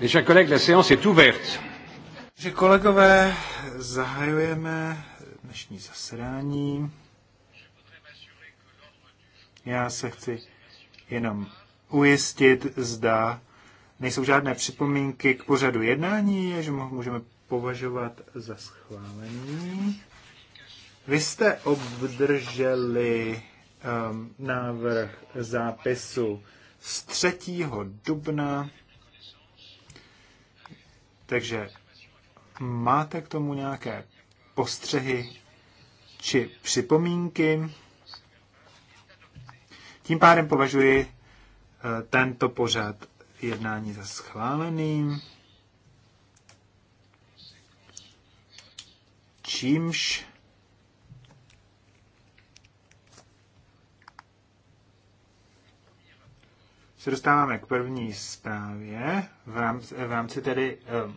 Mes chers collègues, la séance est ouverte. Takže kolegové, zahajujeme dnešní zasedání. Já se chci jenom ujistit, zda nejsou žádné připomínky k pořadu jednání, že můžeme považovat za schválený. Vy jste obdrželi um, návrh zápisu z 3. dubna. Takže máte k tomu nějaké postřehy či připomínky? Tím pádem považuji eh, tento pořad jednání za schválený. Čímž se dostáváme k první zprávě v rámci, v rámci tedy eh,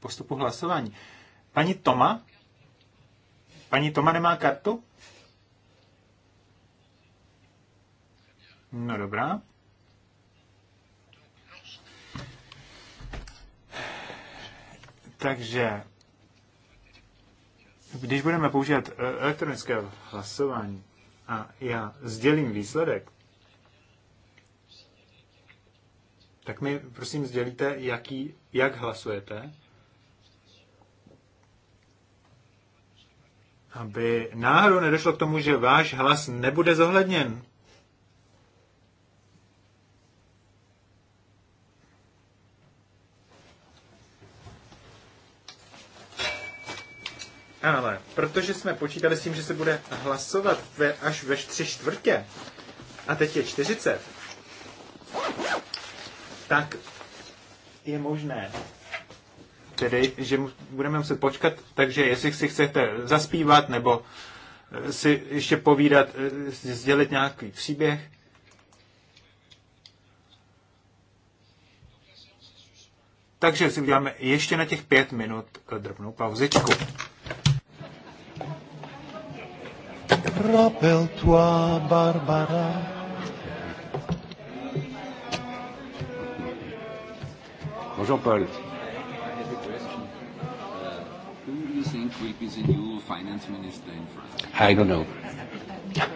postupu hlasování. Paní Toma? Paní Toma nemá kartu? No dobrá. Takže když budeme používat eh, elektronické hlasování a já sdělím výsledek, tak mi prosím sdělíte, jaký, jak hlasujete, aby náhodou nedošlo k tomu, že váš hlas nebude zohledněn. Ale protože jsme počítali s tím, že se bude hlasovat ve, až ve 3 čtvrtě, a teď je 40, tak je možné, tedy, že budeme muset počkat, takže jestli si chcete zaspívat nebo eh, si ještě povídat, eh, sdělit nějaký příběh, Takže si uděláme ještě na těch pět minut drobnou pauzičku. Propel toi Barbara. Bonjour Paul. Uh, I don't know. Uh,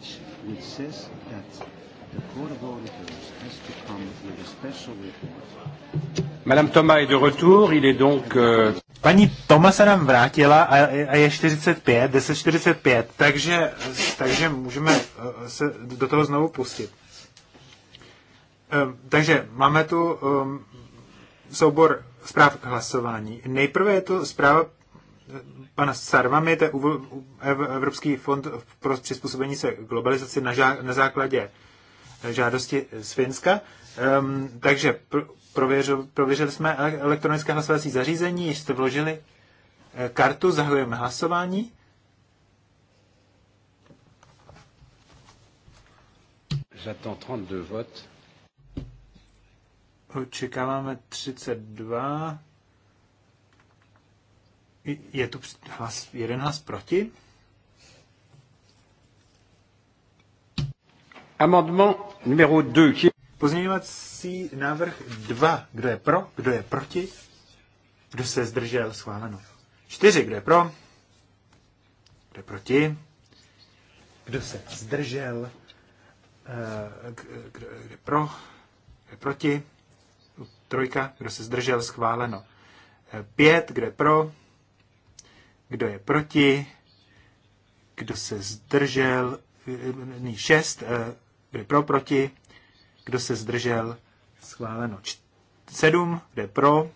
which, which says that the Court of Auditors has to come with a special report. Madame Thomas est de retour, il est donc... Euh... Paní Toma se nám vrátila a, a je 45, 10.45, takže, takže můžeme eh, se do toho znovu pustit. Eh, takže máme tu eh, soubor zpráv k hlasování. Nejprve je to zpráva pana Sarvami, to je Evropský fond pro přizpůsobení se globalizaci na, žá, na základě eh, žádosti z Finska. Um, takže pr- prověřil, prověřili jsme elektronické hlasovací zařízení, již jste vložili eh, kartu, zahajujeme hlasování. J'attends 32 votes. Očekáváme 32. Je tu hlas 11 proti? Amendement numéro 2. Pozměňovací návrh 2. Kdo je pro? Kdo je proti? Kdo se zdržel? Schváleno. 4. Kdo je pro? Kdo je proti? Kdo se zdržel? Eh, kdo je pro? Kdo je proti? Trojka. Kdo se zdržel? Schváleno. 5. Eh, kdo je pro? Kdo je proti? Kdo je proti? Kdo se zdržel? ne, šest, eh, Kdo je pro, proti? Kdo se zdržel? Schváleno sedm, Kdo je pro?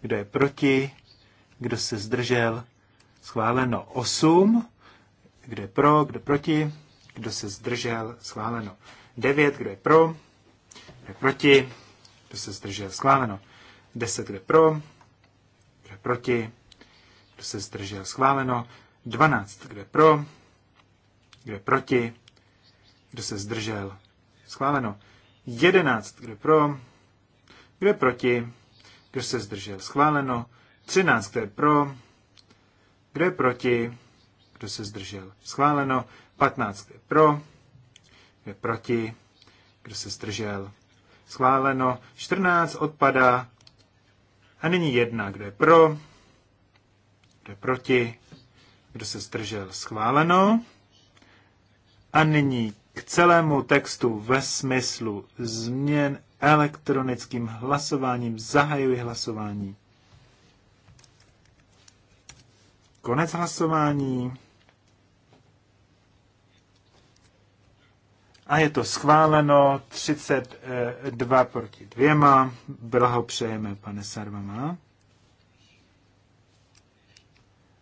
Kdo je proti? Kdo se zdržel? Schváleno osm, Kdo je pro? Kdo proti? Kdo se zdržel? Schváleno devět, Kdo je pro? Kdo je proti? Kdo se zdržel? Schváleno deset, Kdo je pro? Kdo je proti? se zdržel, schváleno. 12, kdo je pro, kdo je proti, kdo se zdržel, schváleno. 11, kdo je pro, kdo je proti, kdo se zdržel, schváleno. 13, kdo je pro, kdo je proti, kdo se zdržel, schváleno. 15, kdo je pro, kdo je proti, kdo se zdržel, schváleno. 14 odpada. A nyní jedna, kdo je pro, je proti, kdo se zdržel, schváleno. A nyní k celému textu ve smyslu změn elektronickým hlasováním zahajuji hlasování. Konec hlasování. A je to schváleno 32 eh, proti dvěma. Blahopřejeme, pane Sarvama.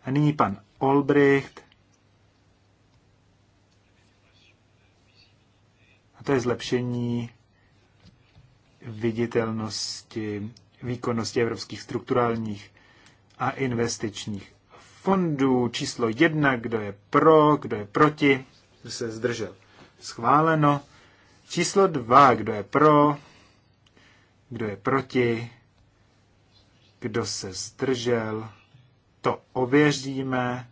A nyní pan Olbricht. A to je zlepšení viditelnosti, výkonnosti evropských strukturálních a investičních fondů. Číslo jedna, kdo je pro, kdo je proti, se zdržel. Schváleno. Číslo dva, kdo je pro, kdo je proti, kdo se zdržel to ověříme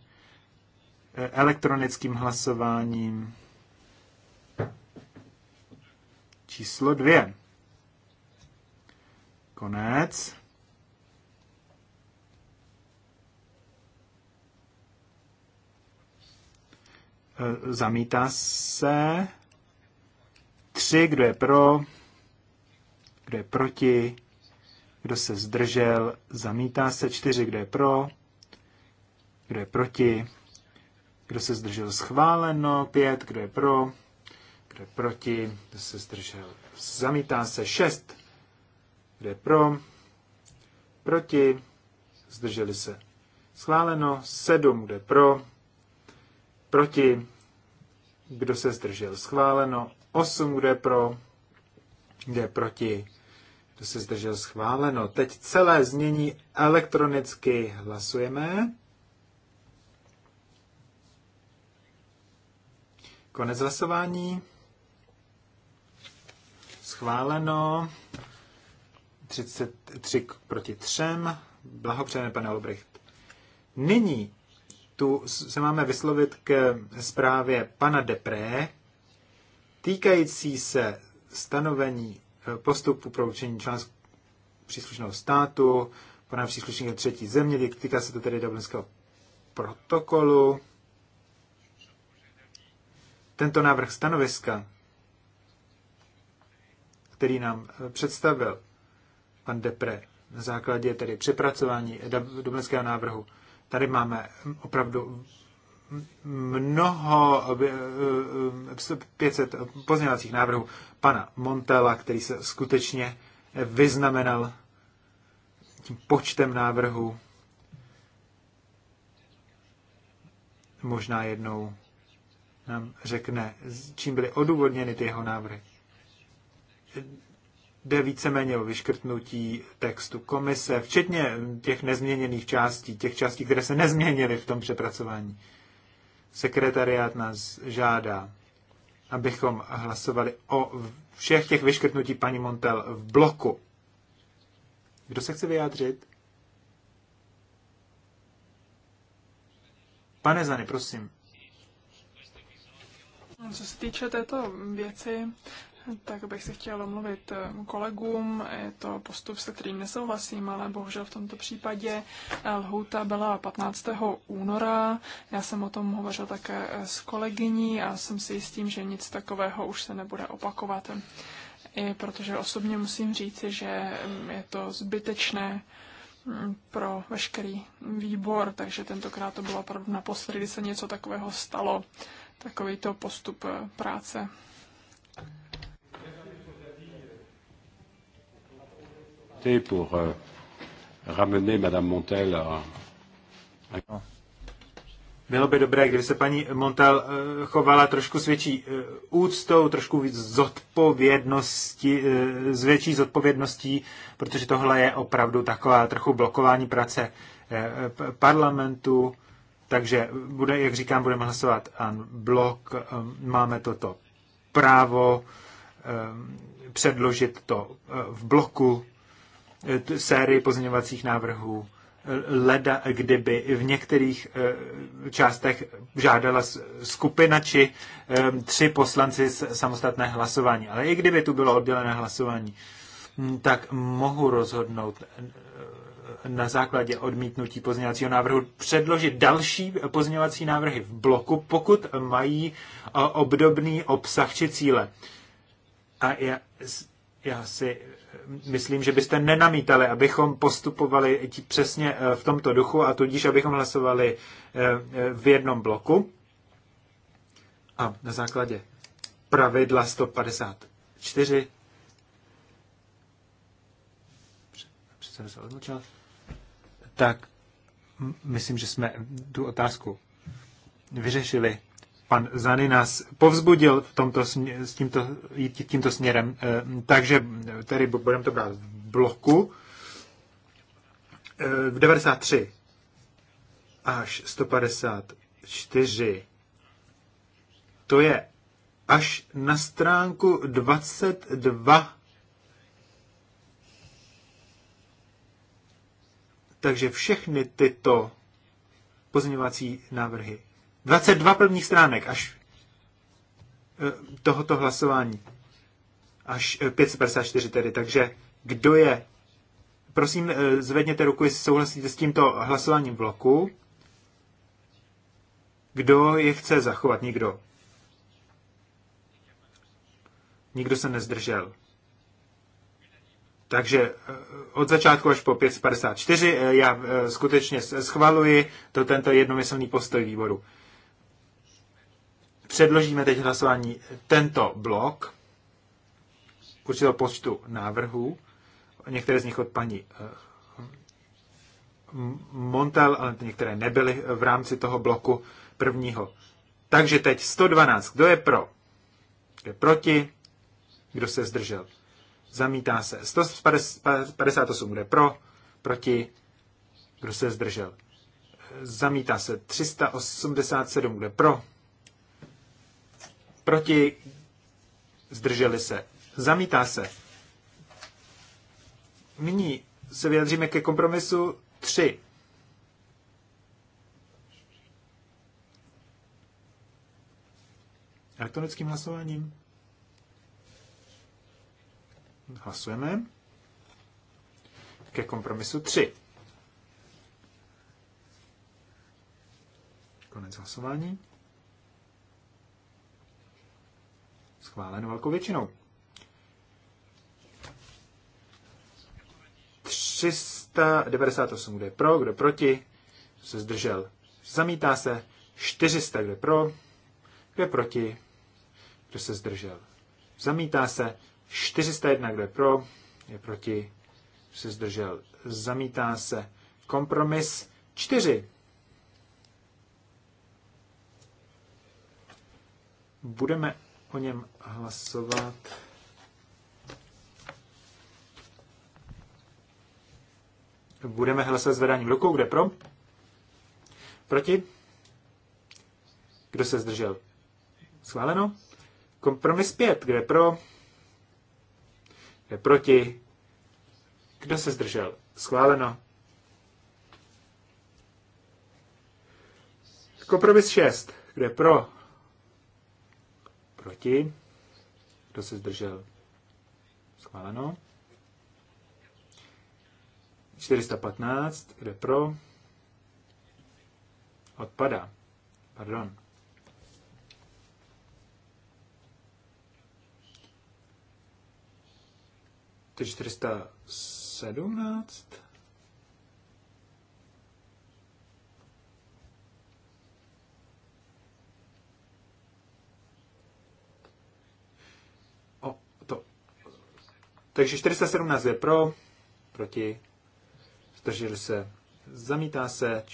elektronickým hlasováním. Číslo dvě. Konec. E, zamítá se. Tři, kdo je pro, kdo je proti, kdo se zdržel, zamítá se. Čtyři, kdo je pro, kdo je proti, kdo se zdržel schváleno, pět, kdo je pro, kdo je proti, kdo se zdržel zamítá se, šest, kdo je pro, proti, zdrželi se schváleno, sedm, kdo je pro, proti, kdo se zdržel schváleno, osm, kdo je pro, kdo je proti, kdo se zdržel schváleno. Teď celé znění elektronicky hlasujeme. Konec hlasování. Schváleno. 33 proti 3. Blahopřejeme, pane Olbricht. Nyní tu se máme vyslovit k zprávě pana Depré, týkající se stanovení eh, postupu pro určení členského příslušného státu, pana příslušníka třetí země, týká se to tedy Dublinského protokolu tento návrh stanoviska, který nám eh, představil pan Depre na základě tedy přepracování dublinského návrhu, tady máme opravdu mnoho 500 eh, eh, pozměňovacích návrhů pana Montela, který se skutečně vyznamenal tím počtem návrhů. Možná jednou nám řekne, čím byly odůvodněny ty jeho návrhy. Jde víceméně o vyškrtnutí textu komise, včetně těch nezměněných částí, těch částí, které se nezměnily v tom přepracování. Sekretariát nás žádá, abychom hlasovali o všech těch vyškrtnutí paní Montel v bloku. Kdo se chce vyjádřit? Pane Zany, prosím. Co se týče této věci, tak bych se chtěla omluvit eh, kolegům. Je to postup, se kterým nesouhlasím, ale bohužel v tomto případě eh, lhůta byla 15. února. Já jsem o tom hovořil také eh, s kolegyní a jsem si jistý, že nic takového už se nebude opakovat. I protože osobně musím říci, že mm, je to zbytečné mm, pro veškerý výbor, takže tentokrát to bylo opravdu naposledy, kdy se něco takového stalo takovýto postup eh, práce. Pour, uh, Madame Montel no. Bylo by dobré, kdyby se paní Montel eh, chovala trošku s větší eh, úctou, trošku víc zodpovědnosti, s větší zodpovědností, protože tohle je opravdu taková trochu blokování práce parlamentu. Takže, bude, jak říkám, budeme hlasovat an blok, ehm, máme toto právo ehm, předložit to eh, v bloku eh, sérii pozměňovacích návrhů leda, kdyby v některých eh, částech žádala skupina či ehm, tři poslanci samostatné hlasování. Ale i kdyby tu bylo oddělené hlasování, hm, tak mohu rozhodnout na základě odmítnutí pozměňovacího návrhu předložit další pozměňovací návrhy v bloku, pokud mají eh, obdobný obsah či cíle. A já, já si eh, myslím, že byste nenamítali, abychom postupovali přesně eh, v tomto duchu a tudíž, abychom hlasovali v jednom bloku. A na základě pravidla 154 jsem se odmlčel tak myslím, že jsme tu otázku vyřešili. Pan Zany nás povzbudil v tomto, s tímto, tímto směrem, ehm, takže tady budeme to brát v bloku. Ehm, v 93 až 154 to je až na stránku 22 Takže všechny tyto pozměňovací návrhy. 22 prvních stránek až eh, tohoto hlasování. Až 554 eh, tedy. Takže kdo je? Prosím, eh, zvedněte ruku, jestli souhlasíte s tímto hlasováním bloku. Kdo je chce zachovat? Nikdo. Nikdo se nezdržel. Takže eh, od začátku až po 554 eh, já eh, skutečně schvaluji to tento jednomyslný postoj výboru. Předložíme teď hlasování tento blok určitého počtu návrhů, některé z nich od paní Montel, ale některé nebyly v rámci toho bloku prvního. Takže teď 112. Kdo je pro? Kdo je proti? Kdo se zdržel? Zamítá se. 158, kde pro, proti, kdo se zdržel. Zamítá se. 387, kde pro, proti, zdrželi se. Zamítá se. Nyní se vyjadříme ke kompromisu 3. Elektronickým hlasováním. Hlasujeme ke kompromisu 3. Konec hlasování. Schválen velkou většinou. 398, kdo je pro, kdo proti, kdo se zdržel. Zamítá se 400, kdo je pro, kdo je proti, kdo se zdržel. Zamítá se 401, kdo je pro, je proti, se zdržel, zamítá se. Kompromis 4. Budeme o něm hlasovat. Budeme hlasovat zvedáním rukou, kde pro? Proti? Kdo se zdržel? Schváleno? Kompromis 5, kde pro? je proti? Kdo se zdržel? Schváleno. Kompromis 6. Kdo je pro? Proti? Kdo se zdržel? Schváleno. 415. Kdo je pro? Odpada. Pardon. 417. O, to. Takže 417 je pro, proti, zdrželi se, zamítá se,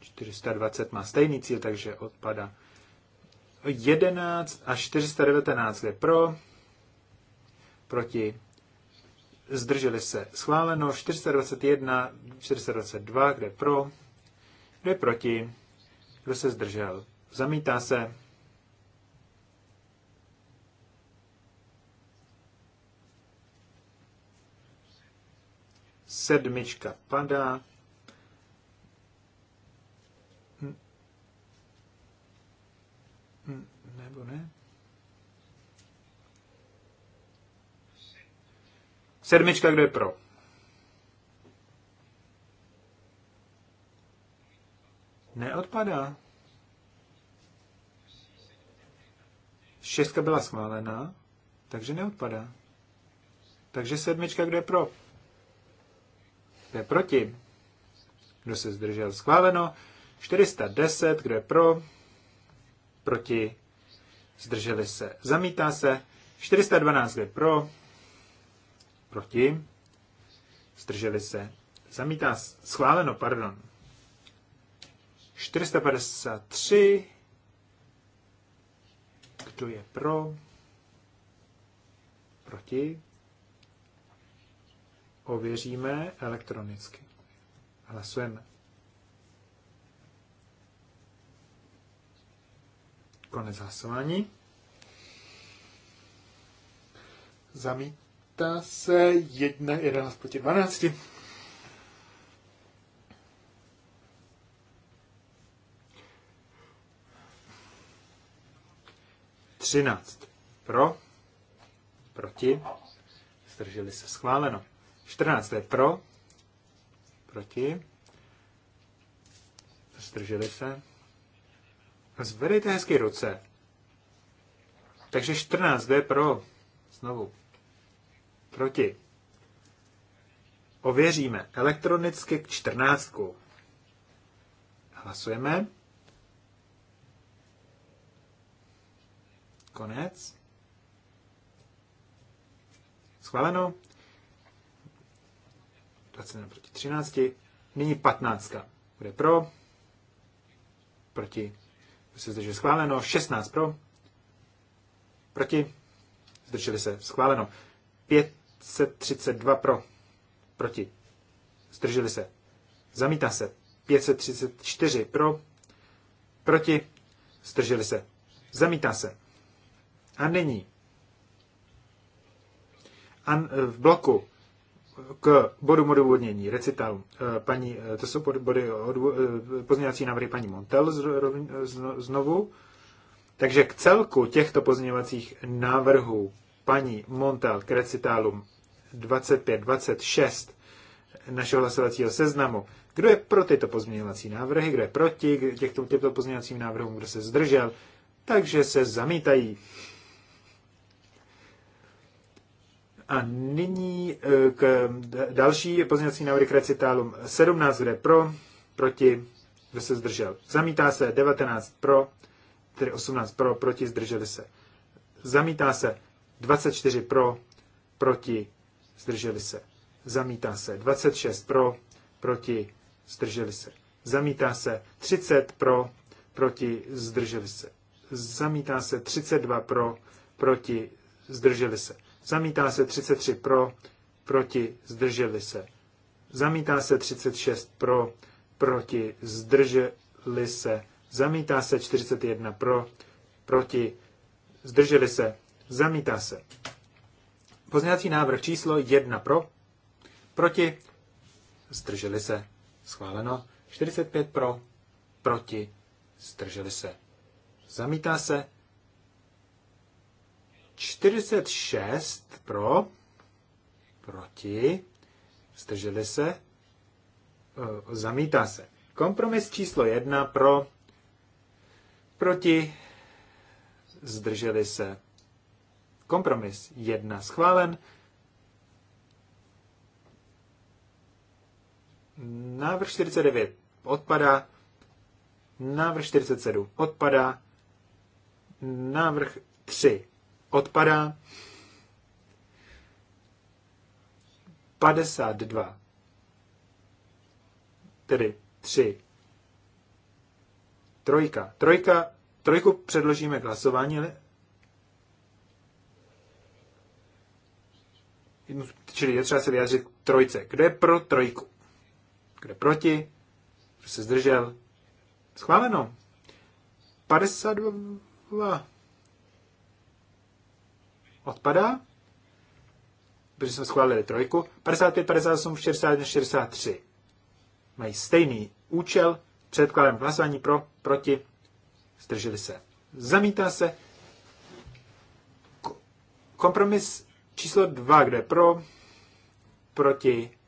420 má stejný cíl, takže odpada. 11 a 419 je pro, proti, zdrželi se. Schváleno 421, 422, kde pro, kde proti, kdo se zdržel. Zamítá se. Sedmička padá. Hm, hm, nebo ne? Sedmička, kdo je pro? Neodpadá. Šestka byla schválená, takže neodpadá. Takže sedmička, kdo je pro? Kdo je proti? Kdo se zdržel? Schváleno. 410, kdo je pro? Proti? Zdrželi se. Zamítá se. 412, kdo je pro? proti, zdrželi se, zamítá, schváleno, pardon, 453, kdo je pro, proti, ověříme elektronicky. Hlasujeme. Konec hlasování. Zamít. Ta se jedna, 11 proti 12. Třináct. Pro. Proti. Zdrželi se. Schváleno. Čtrnáct je pro. Proti. Zdrželi se. Zvedejte hezky ruce. Takže 14 je pro. Znovu. Proti. Ověříme elektronicky k čtrnáctku. Hlasujeme. Konec. Schváleno. 21 proti 13. Nyní 15. Bude pro. Proti. Se že schváleno. 16 pro. Proti. Zdrželi se. Schváleno. 5 532 pro, proti, zdrželi se, zamítá se. 534 pro, proti, zdrželi se, zamítá se. A nyní an, v bloku k bodu odůvodnění, recitalu, eh, paní, eh, to jsou body eh, pozměňovací návrhy paní Montel znovu. Takže k celku těchto pozměňovacích návrhů paní Montel k recitálům 25, 26 našeho hlasovacího seznamu. Kdo je pro tyto pozměňovací návrhy, kdo je proti těchto, těmto pozměňovacím návrhům, kdo se zdržel, takže se zamítají. A nyní eh, k další pozměňovací návrhy k recitálům. 17, kde pro, proti, kdo se zdržel. Zamítá se 19 pro, tedy 18 pro, proti, zdrželi se. Zamítá se 24 pro, proti, zdrželi se, zamítá se. 26 pro, proti, zdrželi se, zamítá se. 30 pro, proti, zdrželi se, zamítá se. 32 pro, proti, zdrželi se. Zamítá se 33 pro, proti, zdrželi se. Zamítá se 36 pro, proti, zdrželi se. Zamítá se 41 pro, proti, zdrželi se. Zamítá se. Pozměňovací návrh číslo 1 pro, proti, zdrželi se, schváleno. 45 pro, proti, zdrželi se, zamítá se. 46 pro, proti, zdrželi se, e, zamítá se. Kompromis číslo 1 pro, proti, zdrželi se, Kompromis 1 schválen. Návrh 49 odpadá. Návrh 47 odpadá. Návrh 3 odpadá. 52. Tedy 3. Trojka. Trojka. Trojku předložíme k hlasování, čili je třeba se vyjádřit trojce. Kdo je pro trojku? Kdo je proti? Kdo se zdržel? Schváleno. 52 odpadá, protože jsme schválili trojku. 55, 58, 61, 63 mají stejný účel, předkladem hlasování pro, proti, zdrželi se. Zamítá se kompromis Číslo dva, kde pro, proti,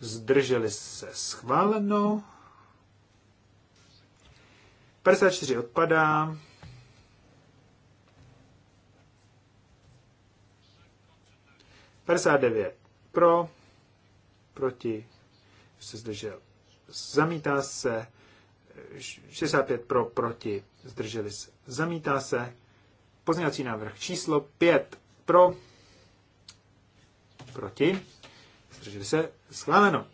zdrželi se schváleno. 54 odpadá. devět pro, proti, se zdržel, zamítá se, 65 pro, proti, zdrželi se, zamítá se, pozměňovací návrh číslo 5 pro, Proti? Zdrželi se? Schváleno.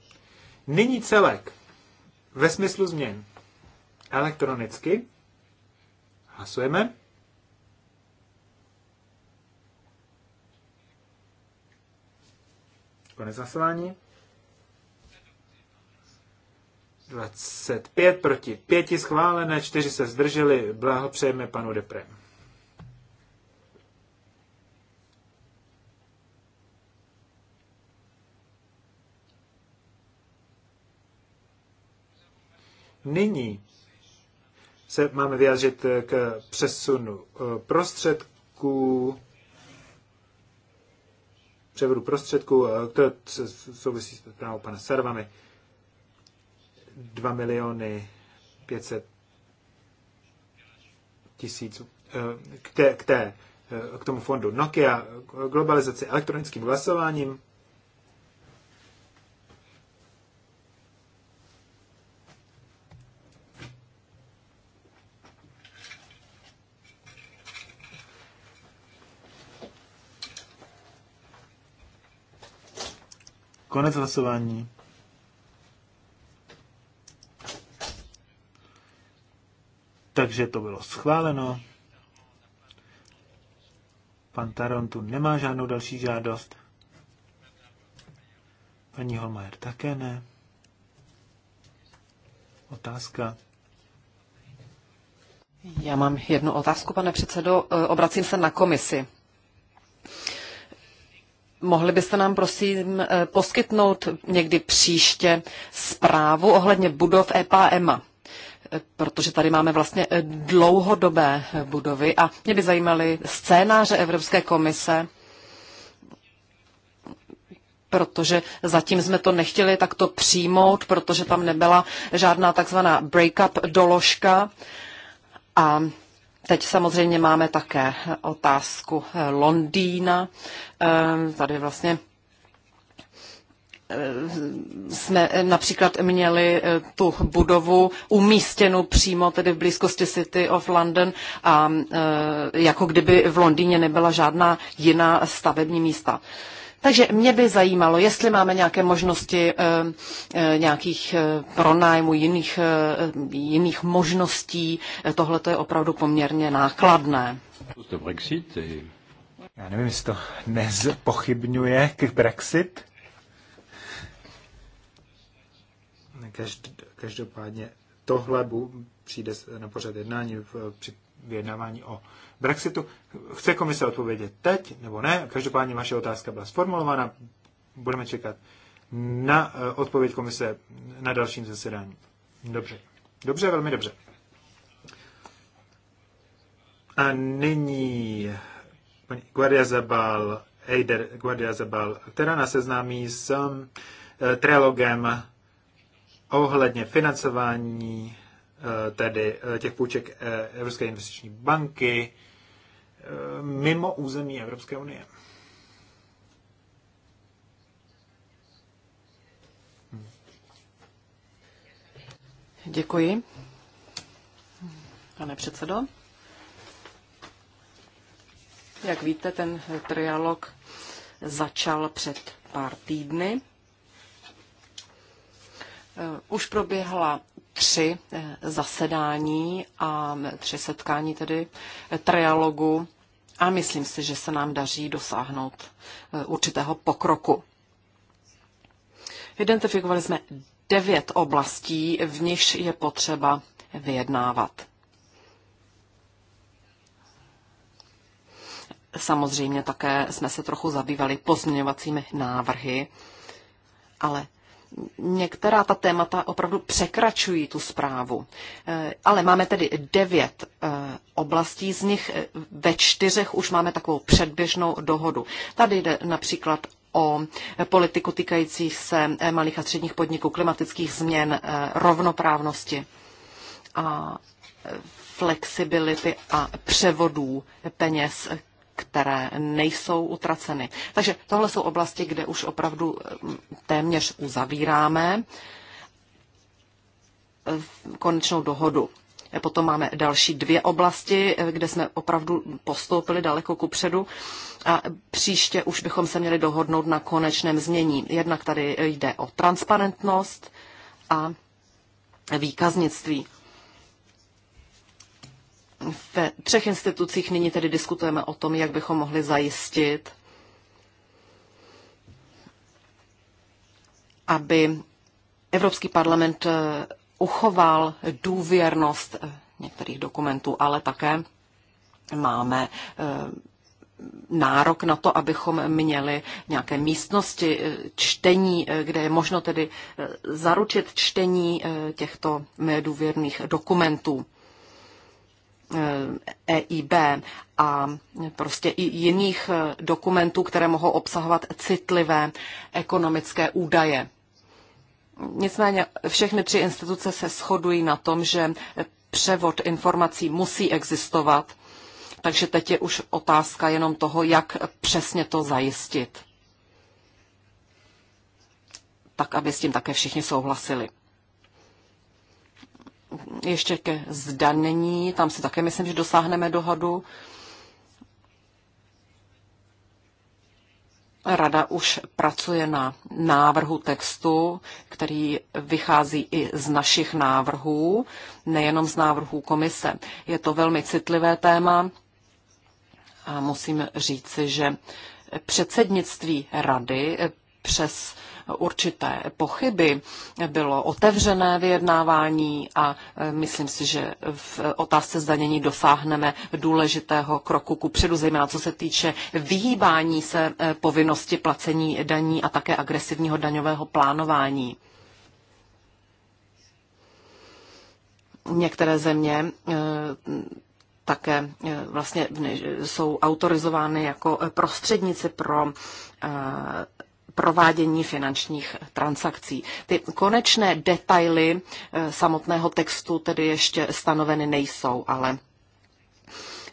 Nyní celek. Ve smyslu změn. Elektronicky. Hlasujeme. Konec hlasování. 25 proti 5 schválené, 4 se zdrželi. Blahopřejeme panu Deprem. Nyní se máme vyjádřit k přesunu eh, prostředků, převodu prostředků, eh, to souvisí s právou pana Servany, 2 miliony 500 tisíc eh, k, té, k, té, k tomu fondu Nokia, globalizaci elektronickým hlasováním, Konec hlasování. Takže to bylo schváleno. Pan Taron tu nemá žádnou další žádost. Paní Holmajer také ne. Otázka. Já mám jednu otázku, pane předsedo. E, obracím se na komisi. Mohli byste nám prosím eh, poskytnout někdy příště zprávu ohledně budov EPA EMA? Eh, protože tady máme vlastně eh, dlouhodobé budovy a mě by zajímaly scénáře Evropské komise, protože zatím jsme to nechtěli takto přijmout, protože tam nebyla žádná takzvaná break-up doložka a Teď samozřejmě máme také otázku eh, Londýna. Eh, tady vlastně eh, jsme například měli tu budovu umístěnu přímo tedy v blízkosti City of London a jako kdyby v Londýně nebyla žádná jiná stavební místa. Takže mě by zajímalo, jestli máme nějaké možnosti eh, eh, nějakých eh, pronájmu jiných, jiných možností. Tohle je opravdu poměrně nákladné. Já nevím, jestli to nezpochybňuje k Brexit. Každopádně tohle přijde na pořad jednání v, vyjednávání o Brexitu. Chce komise odpovědět teď nebo ne? Každopádně vaše otázka byla sformulována. Budeme čekat na eh, odpověď komise na dalším zasedání. Dobře. Dobře, velmi dobře. A nyní paní Guardia Zabal, Eider Guardia Zabal, která nás seznámí s eh, trilogem ohledně financování Eh, tedy eh, těch půjček eh, Evropské investiční banky mimo území Evropské unie. Děkuji, pane předsedo. Jak víte, ten trialog začal před pár týdny. Už proběhla tři eh, zasedání a eh, tři setkání tedy eh, trialogu a myslím si, že se nám daří dosáhnout určitého pokroku. Identifikovali jsme devět oblastí, v nichž je potřeba vyjednávat. Samozřejmě také jsme se trochu zabývali pozměňovacími návrhy, ale některá ta témata opravdu překračují tu zprávu. Eh, ale máme tedy devět eh, oblastí, z nich eh, ve čtyřech už máme takovou předběžnou dohodu. Tady jde například o politiku týkajících se malých a středních podniků, klimatických změn, rovnoprávnosti a flexibility a převodů peněz které nejsou utraceny. Takže tohle jsou oblasti, kde už opravdu mm, téměř uzavíráme eh, konečnou dohodu. Eh, potom máme další dvě oblasti, eh, kde jsme opravdu postoupili daleko ku předu a příště už bychom se měli dohodnout na konečném změní. Jednak tady jde o transparentnost a výkaznictví. Ve třech institucích nyní tedy diskutujeme o tom, jak bychom mohli zajistit, aby Evropský parlament eh, uchoval důvěrnost eh, některých dokumentů, ale také máme eh, nárok na to, abychom měli nějaké místnosti čtení, kde je možno tedy zaručit čtení těchto důvěrných dokumentů. EIB eh, e a prostě i jiných eh, dokumentů, které mohou obsahovat citlivé ekonomické údaje. Nicméně všechny tři instituce se shodují na tom, že převod informací musí existovat, takže teď je už otázka jenom toho, jak přesně to zajistit. Tak, aby s tím také všichni souhlasili ještě ke zdanění, tam si také myslím, že dosáhneme dohodu. Rada už pracuje na návrhu textu, který vychází i z našich návrhů, nejenom z návrhů komise. Je to velmi citlivé téma a musím říci, že předsednictví rady přes určité pochyby. Bylo otevřené vyjednávání a e, myslím si, že v otázce zdanění dosáhneme důležitého kroku ku předu, zejména co se týče vyhýbání se e, povinnosti placení daní a také agresivního daňového plánování. Některé země e, také vlastně jsou autorizovány jako prostředníci pro provádění finančních transakcí. Ty konečné detaily eh, samotného textu tedy ještě stanoveny nejsou, ale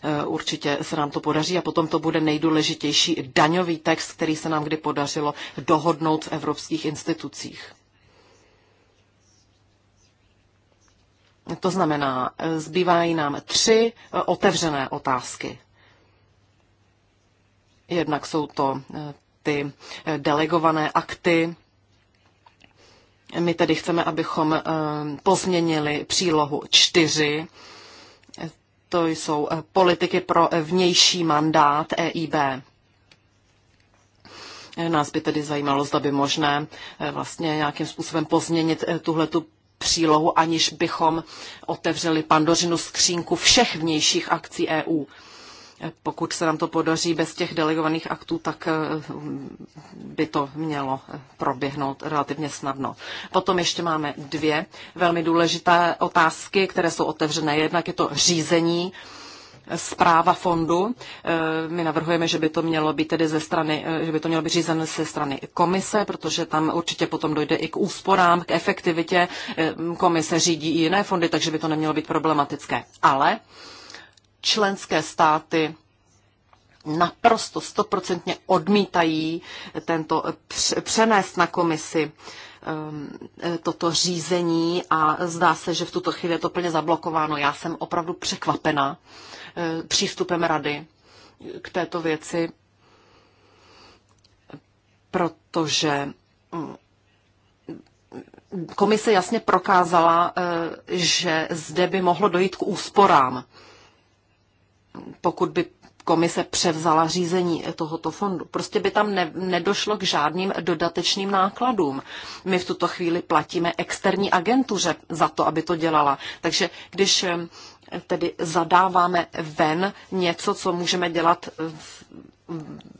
eh, určitě se nám to podaří a potom to bude nejdůležitější daňový text, který se nám kdy podařilo dohodnout v evropských institucích. To znamená, eh, zbývají nám tři otevřené otázky. Jednak jsou to ty eh, delegované akty. My tedy chceme, abychom eh, pozměnili přílohu 4. To jsou eh, politiky pro vnější mandát EIB. Nás by tedy zajímalo, zda by možné vlastně nějakým způsobem pozměnit tuhletu přílohu, aniž bychom otevřeli pandořinu skřínku všech vnějších akcí EU. Pokud se nám to podaří bez těch delegovaných aktů, tak eh, by to mělo eh, proběhnout relativně snadno. Potom ještě máme dvě velmi důležité otázky, které jsou otevřené. Jednak je to řízení eh, zpráva fondu. My navrhujeme, že by to mělo být tedy ze strany, že by to mělo být řízeno ze strany komise, protože tam určitě potom dojde i k úsporám, k efektivitě. Komise řídí i jiné fondy, takže by to nemělo být problematické. Ale členské státy naprosto stoprocentně odmítají tento přenést na komisi ehm, toto řízení a zdá se, že v tuto chvíli je to plně zablokováno. Já jsem opravdu překvapena eh, přístupem rady k této věci, protože mm, komise jasně prokázala, eh, že zde by mohlo dojít k úsporám pokud by komise převzala řízení tohoto fondu. Prostě by tam ne, nedošlo k žádným dodatečným nákladům. My v tuto chvíli platíme externí agentuře za to, aby to dělala. Takže když eh, tedy zadáváme ven něco, co můžeme dělat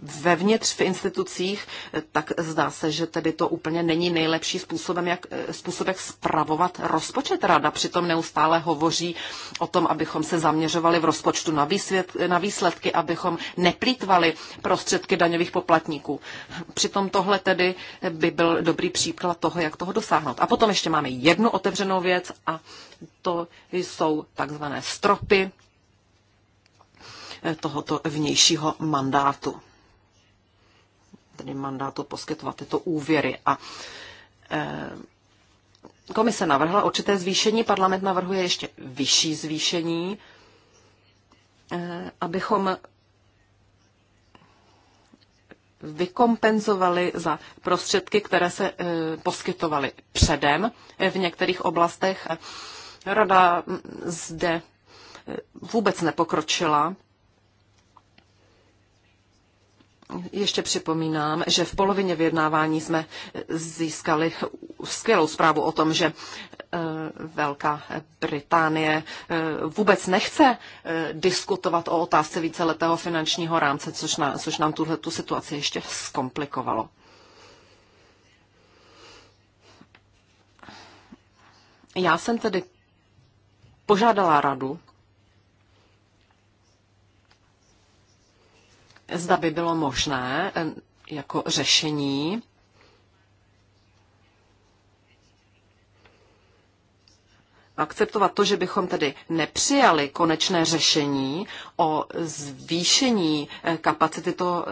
vevnitř v institucích, tak zdá se, že tedy to úplně není nejlepší způsobem, jak, způsob, jak spravovat rozpočet. Rada přitom neustále hovoří o tom, abychom se zaměřovali v rozpočtu na, výsvět, na výsledky, abychom neplýtvali prostředky daňových poplatníků. Přitom tohle tedy by byl dobrý příklad toho, jak toho dosáhnout. A potom ještě máme jednu otevřenou věc a to jsou takzvané stropy tohoto vnějšího mandátu. Tedy mandátu poskytovat tyto úvěry. A eh, komise navrhla určité zvýšení, parlament navrhuje ještě vyšší zvýšení, eh, abychom vykompenzovali za prostředky, které se eh, poskytovaly předem v některých oblastech. Rada mm, zde vůbec nepokročila. Ještě připomínám, že v polovině vyjednávání jsme získali skvělou zprávu o tom, že eh, Velká Británie eh, vůbec nechce eh, diskutovat o otázce víceletého finančního rámce, což, na, což nám tuhle tu situaci ještě zkomplikovalo. Já jsem tedy požádala radu, zda by bylo možné eh, jako řešení akceptovat to, že bychom tedy nepřijali konečné řešení o zvýšení eh, kapacity toho eh,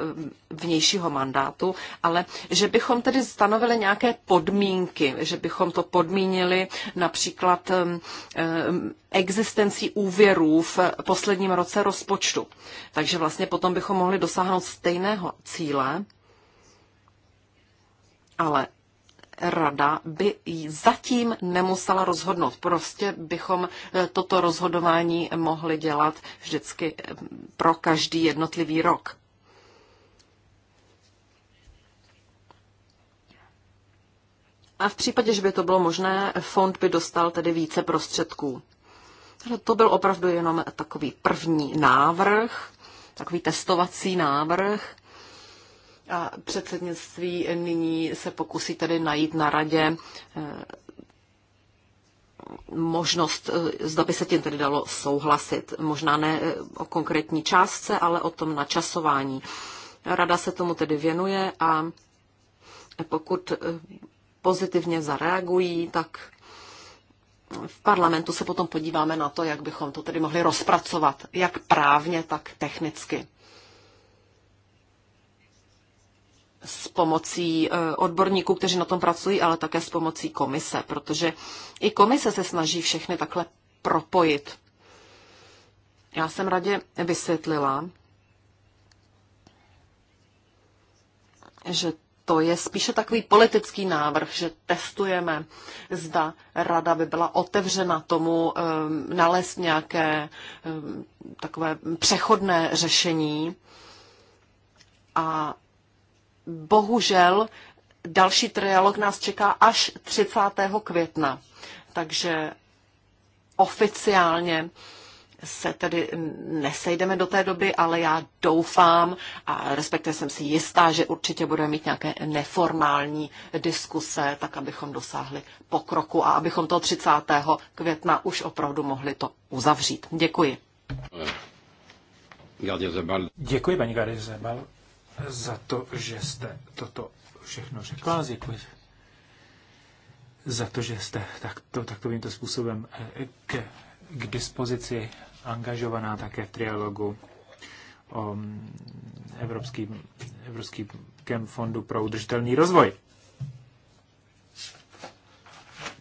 vnějšího mandátu, ale že bychom tedy stanovili nějaké podmínky, že bychom to podmínili například eh, existencí úvěrů v posledním roce rozpočtu. Takže vlastně potom bychom mohli dosáhnout stejného cíle, ale rada by zatím nemusela rozhodnout. Prostě bychom eh, toto rozhodování mohli dělat vždycky eh, pro každý jednotlivý rok. A v případě, že by to bylo možné, fond by dostal tedy více prostředků. To byl opravdu jenom takový první návrh, takový testovací návrh. A předsednictví nyní se pokusí tedy najít na radě eh, možnost, eh, zda by se tím tedy dalo souhlasit. Možná ne eh, o konkrétní částce, ale o tom načasování. Rada se tomu tedy věnuje a pokud pozitivně zareagují, tak v parlamentu se potom podíváme na to, jak bychom to tedy mohli rozpracovat, jak právně, tak technicky. s pomocí eh, odborníků, kteří na tom pracují, ale také s pomocí komise, protože i komise se snaží všechny takhle propojit. Já jsem radě vysvětlila, že to je spíše takový politický návrh, že testujeme, zda rada by byla otevřena tomu um, nalézt nějaké um, takové přechodné řešení. A bohužel další trialog nás čeká až 30. května. Takže oficiálně se tedy nesejdeme do té doby, ale já doufám a respektive jsem si jistá, že určitě budeme mít nějaké neformální diskuse, tak abychom dosáhli pokroku a abychom to 30. května už opravdu mohli to uzavřít. Děkuji. Děkuji, paní Gardiazebal za to, že jste toto všechno řekla. Děkuji za to, že jste takto, takovýmto způsobem eh, k, k dispozici angažovaná také v trialogu o Evropským, mm, Evropském fondu pro udržitelný rozvoj.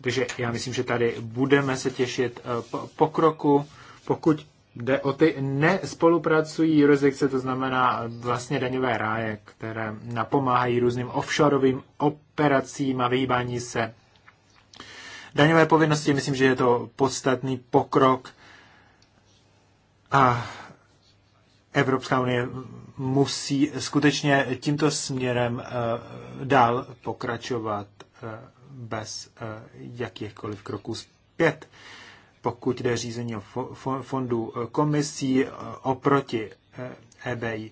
Takže já myslím, že tady budeme se těšit eh, pokroku, pokud jde o ty nespolupracují jurisdikce, to znamená vlastně daňové ráje, které napomáhají různým offshoreovým operacím a vyhýbání se daňové povinnosti. Myslím, že je to podstatný pokrok a Evropská unie musí skutečně tímto směrem eh, dál pokračovat eh, bez eh, jakýchkoliv kroků zpět pokud jde řízení fondů eh, komisí eh, oproti EBI. Eh, e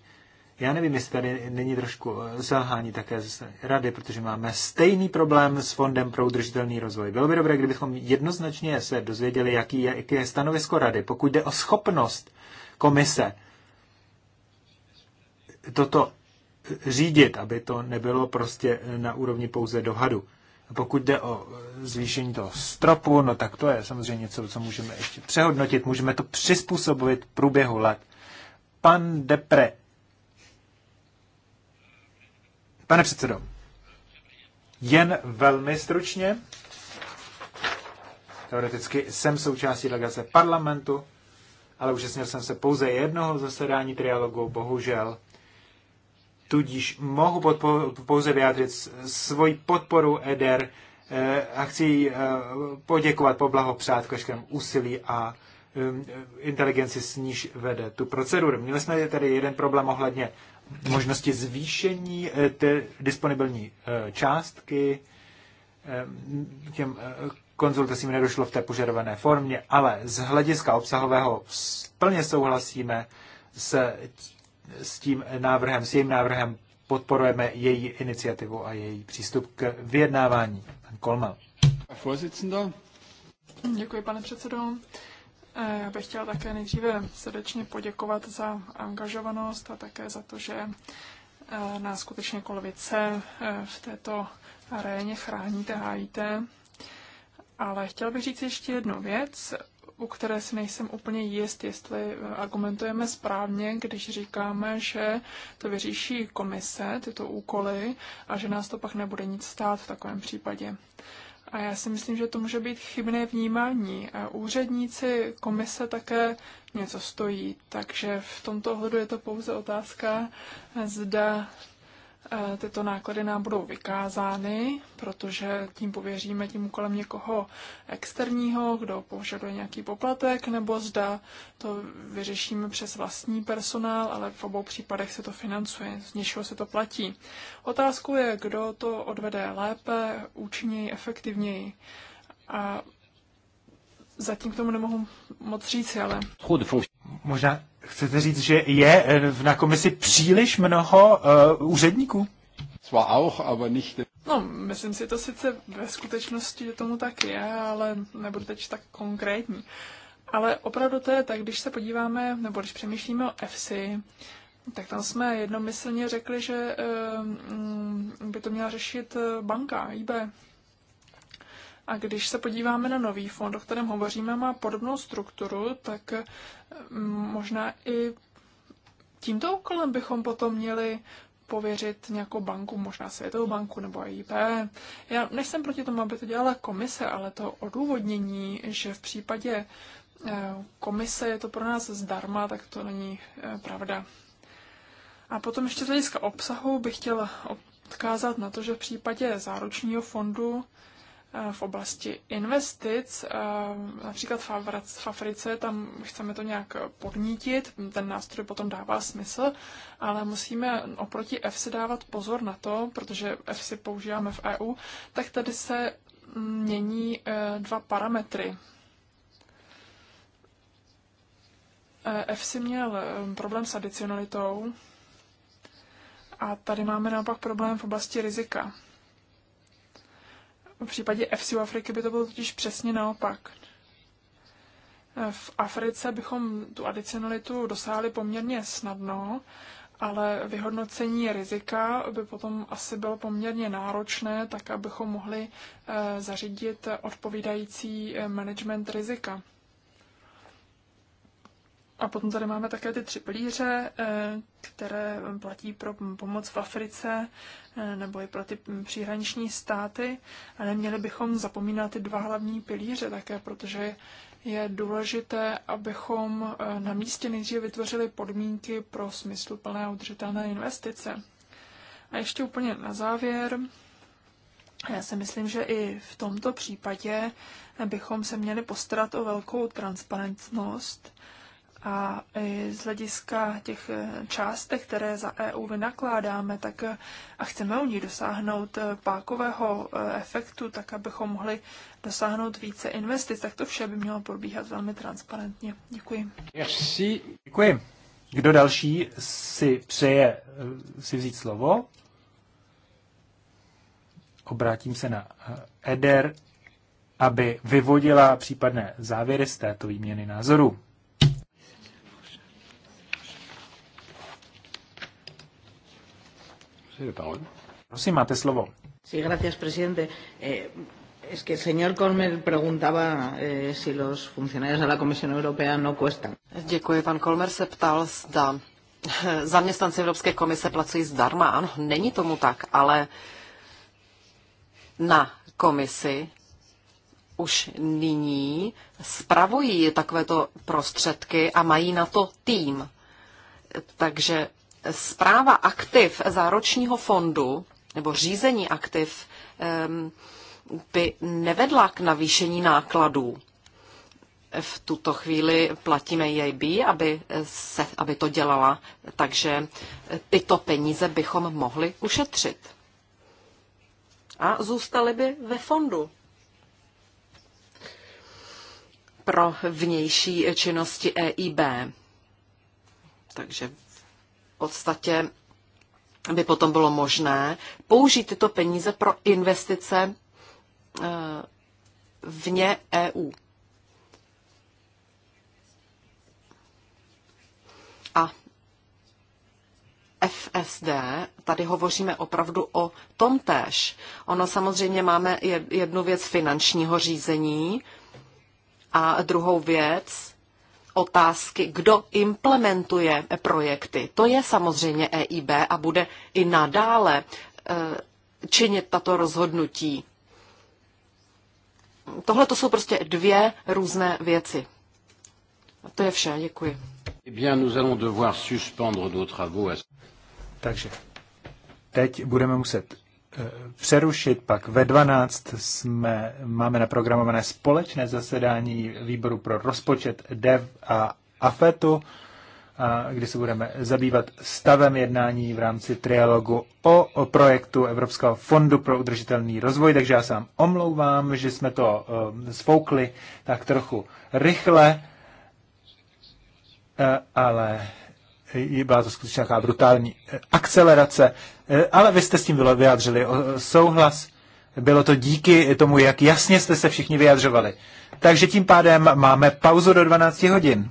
Já nevím, jestli tady není trošku selhání také z rady, protože máme stejný problém s Fondem pro udržitelný rozvoj. Bylo by dobré, kdybychom jednoznačně se dozvěděli, jaký je, jaký je stanovisko rady, pokud jde o schopnost komise toto řídit, aby to nebylo prostě na úrovni pouze dohadu. Pokud jde o e, zvýšení toho stropu, no tak to je samozřejmě něco, co můžeme ještě přehodnotit, můžeme to přizpůsobit v průběhu let. Pan Depre. Pane předsedo, jen velmi stručně. Teoreticky jsem součástí delegace parlamentu, ale účastnil jsem se pouze jednoho zasedání trialogu, bohužel Tudíž mohu podpo- pouze vyjádřit svoji podporu EDER eh, a chci eh, poděkovat, poblahopřát k veškerému úsilí a eh, inteligenci, s níž vede tu proceduru. Měli jsme tady jeden problém ohledně možnosti zvýšení té disponibilní částky. Těm konzultacím nedošlo v té požadované formě, ale z hlediska obsahového plně souhlasíme s s tím návrhem, s jejím návrhem podporujeme její iniciativu a její přístup k vyjednávání. Pan Kolma. Děkuji, pane předsedo. Eh, Já bych chtěla také nejdříve srdečně poděkovat za angažovanost a také za to, že eh, nás skutečně kolovice eh, v této aréně chráníte, hájíte. Ale chtěla bych říct ještě jednu věc u které si nejsem úplně jist, jestli eh, argumentujeme správně, když říkáme, že to vyříší komise, tyto úkoly, a že nás to pak nebude nic stát v takovém případě. A já si myslím, že to může být chybné vnímání. A úředníci komise také něco stojí, takže v tomto ohledu je to pouze otázka, zda Eh, tyto náklady nám budou vykázány, protože tím pověříme tím kolem někoho externího, kdo požaduje nějaký poplatek, nebo zda to vyřešíme přes vlastní personál, ale v obou případech se to financuje, z něčeho se to platí. Otázkou je, kdo to odvede lépe, účinněji, efektivněji. A zatím k tomu nemohu moc říct, ale... Možná Chcete říct, že je eh, na komisi příliš mnoho uh, úředníků? Zwar auch, aber nicht. No, myslím si to sice ve skutečnosti, že tomu tak je, ale nebudu teď tak konkrétní. Ale opravdu to je tak, když se podíváme, nebo když přemýšlíme o EFSI, tak tam jsme jednomyslně řekli, že uh, by to měla řešit banka, IB. A když se podíváme na nový fond, o kterém hovoříme, má podobnou strukturu, tak mm, možná i tímto úkolem bychom potom měli pověřit nějakou banku, možná Světovou banku nebo EIP. Já nejsem proti tomu, aby to dělala komise, ale to odůvodnění, že v případě eh, komise je to pro nás zdarma, tak to není eh, pravda. A potom ještě z hlediska obsahu bych chtěla odkázat na to, že v případě záručního fondu Eh, v oblasti investic, eh, například v Africe, tam chceme to nějak podnítit, ten nástroj potom dává smysl, ale musíme oproti EFSI dávat pozor na to, protože EFSI používáme v EU, tak tady se mění eh, dva parametry. EFSI měl problém s adicionalitou a tady máme naopak problém v oblasti rizika. V případě FC Afriky by to bylo totiž přesně naopak. V Africe bychom tu adicionalitu dosáhli poměrně snadno, ale vyhodnocení rizika by potom asi bylo poměrně náročné, tak abychom mohli eh, zařídit odpovídající eh, management rizika. A potom tady máme také ty tři pilíře, eh, které platí pro pomoc v Africe eh, nebo i pro ty příhraniční státy. A neměli bychom zapomínat ty dva hlavní pilíře také, protože je důležité, abychom eh, na místě nejdříve vytvořili podmínky pro smysluplné a udržitelné investice. A ještě úplně na závěr, já si myslím, že i v tomto případě bychom se měli postarat o velkou transparentnost a i z hlediska těch eh, částek, které za EU vynakládáme, tak eh, a chceme u ní dosáhnout eh, pákového efektu, tak abychom mohli dosáhnout více investic, tak to vše by mělo probíhat velmi transparentně. Děkuji. Merci. Děkuji. Kdo další si přeje si vzít slovo? Obrátím se na Eder, aby vyvodila případné závěry z této výměny názorů. Prosím, máte slovo. Sí, gracias, presidente. Eh, es que el señor Colmer preguntaba eh, si los funcionarios de la Comisión Europea no cuestan. Děkuji, pan Colmer se ptal, zda zaměstnanci Evropské komise pracují zdarma. Ano, není tomu tak, ale na komisi už nyní spravují takovéto prostředky a mají na to tým. Takže zpráva aktiv záročního fondu nebo řízení aktiv by nevedla k navýšení nákladů. V tuto chvíli platíme EIB, aby, se, aby to dělala, takže tyto peníze bychom mohli ušetřit. A zůstaly by ve fondu pro vnější činnosti EIB. Takže podstatě by potom bylo možné použít tyto peníze pro investice eh, vně EU. A FSD, tady hovoříme opravdu o tom též. Ono samozřejmě máme jednu věc finančního řízení a druhou věc otázky, kdo implementuje projekty. To je samozřejmě EIB a bude i nadále e, činit tato rozhodnutí. Tohle to jsou prostě dvě různé věci. A to je vše, děkuji. Eh Takže teď budeme muset Eh, přerušit, pak ve 12 jsme, máme naprogramované společné zasedání výboru pro rozpočet DEV a AFETu, kdy se budeme zabývat stavem jednání v rámci trialogu o, o projektu Evropského fondu pro udržitelný rozvoj, takže já se vám omlouvám, že jsme to eh, zfoukli tak trochu rychle, eh, ale E, byla to skutečně nějaká brutální e, akcelerace, e, ale vy jste s tím vyjádřili souhlas. Bylo to díky tomu, jak jasně jste se všichni vyjadřovali. Takže tím pádem máme pauzu do 12 hodin.